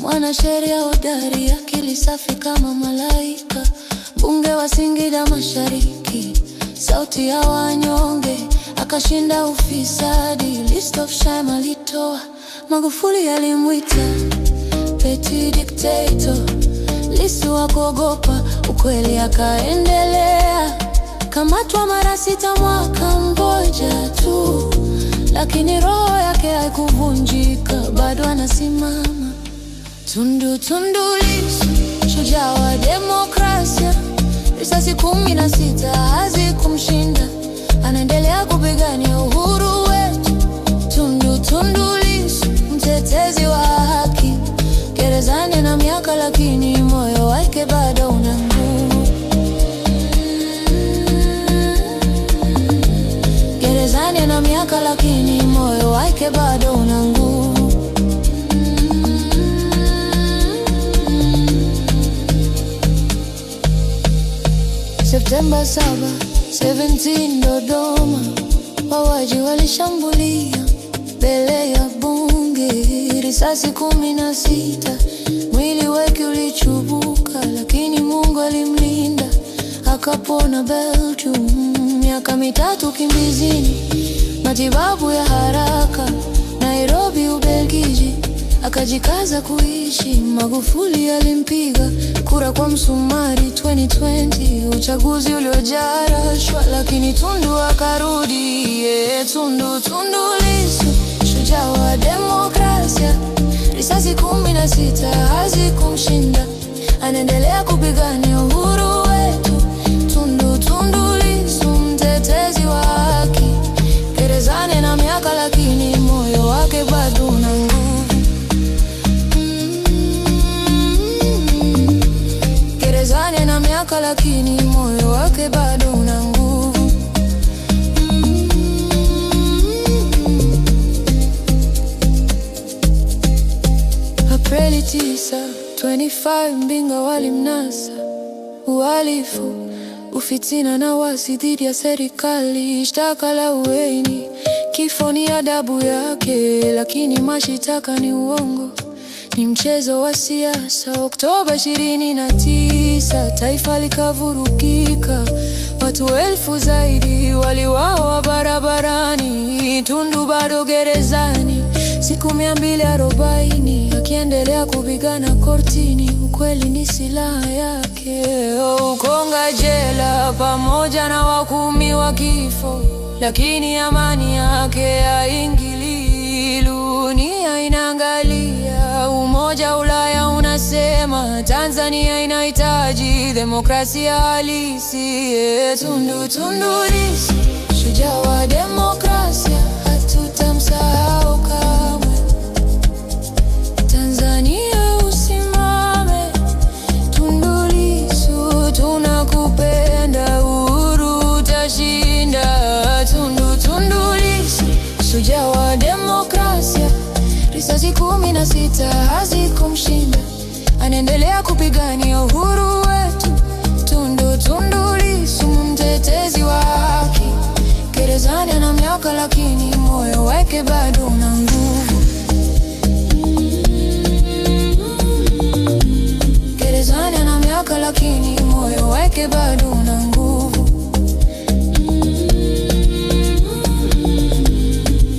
mwanasheria hodari, akili safi kama malaika, mbunge wa Singida Mashariki, sauti ya wanyonge, akashinda ufisadi. List of shame alitoa, Magufuli alimwita petty dictator. Lissu hakuogopa ukweli, akaendelea kamatwa mara sita, mwaka mmoja tu, lakini roho yake haikuvunjika, bado anasimama. Tundu Tundu Lissu, shujaa wa demokrasia, risasi kumi na sita hazikumshinda, anaendelea kupigania uhuru wetu. Tundu Tundu Lissu, mtetezi wa haki, gerezani na miaka, lakini moyo wake bado una nguvu. Gerezani na miaka, lakini moyo wake bado una nguvu. Septemba 7 17 Dodoma, wawaji walishambulia mbele ya bunge, risasi kumi na sita, mwili wake ulichubuka, lakini Mungu alimlinda akapona. Belgium, miaka mitatu kimbizini, matibabu ya haraka akajikaza kuishi. Magufuli alimpiga kura kwa msumari 2020, uchaguzi uliojaa rashwa, lakini Tundu akarudi. Yeah, Tundu, Tundu Lissu, shujaa wa demokrasia. Risasi kumi na sita hazikumshinda, anaendelea kupigana miaka, lakini moyo wake bado una nguvu. Mm Aprili 25 Mbinga walimnasa uhalifu, ufitina na wasi dhidi ya serikali, shtaka la Ueni, Kifo ni adabu yake, lakini mashitaka ni uongo, ni mchezo wa siasa. Oktoba ishirini na tisa kisha taifa likavurugika, watu elfu zaidi waliwawa barabarani, Tundu bado gerezani, siku mia mbili arobaini akiendelea kupigana kortini, ukweli ni silaha yake. Ukonga jela pamoja na wakumi wa kifo, lakini amani yake haingi Tanzania inahitaji demokrasia halisi. Yeah, Tundu Tundu Lissu, shujaa wa demokrasia, hatutamsahau kamwe. Tanzania usimame, Tundu Lissu, tunakupenda, uhuru utashinda. Tundu Tundu Lissu, shujaa wa demokrasia, risasi kumi na sita tunaendelea kupigania uhuru wetu. Tundu Tundu Lissu mtetezi wa haki, gerezani ana miaka lakini moyo wake bado una nguvu. Gerezani ana miaka lakini moyo wake bado una nguvu.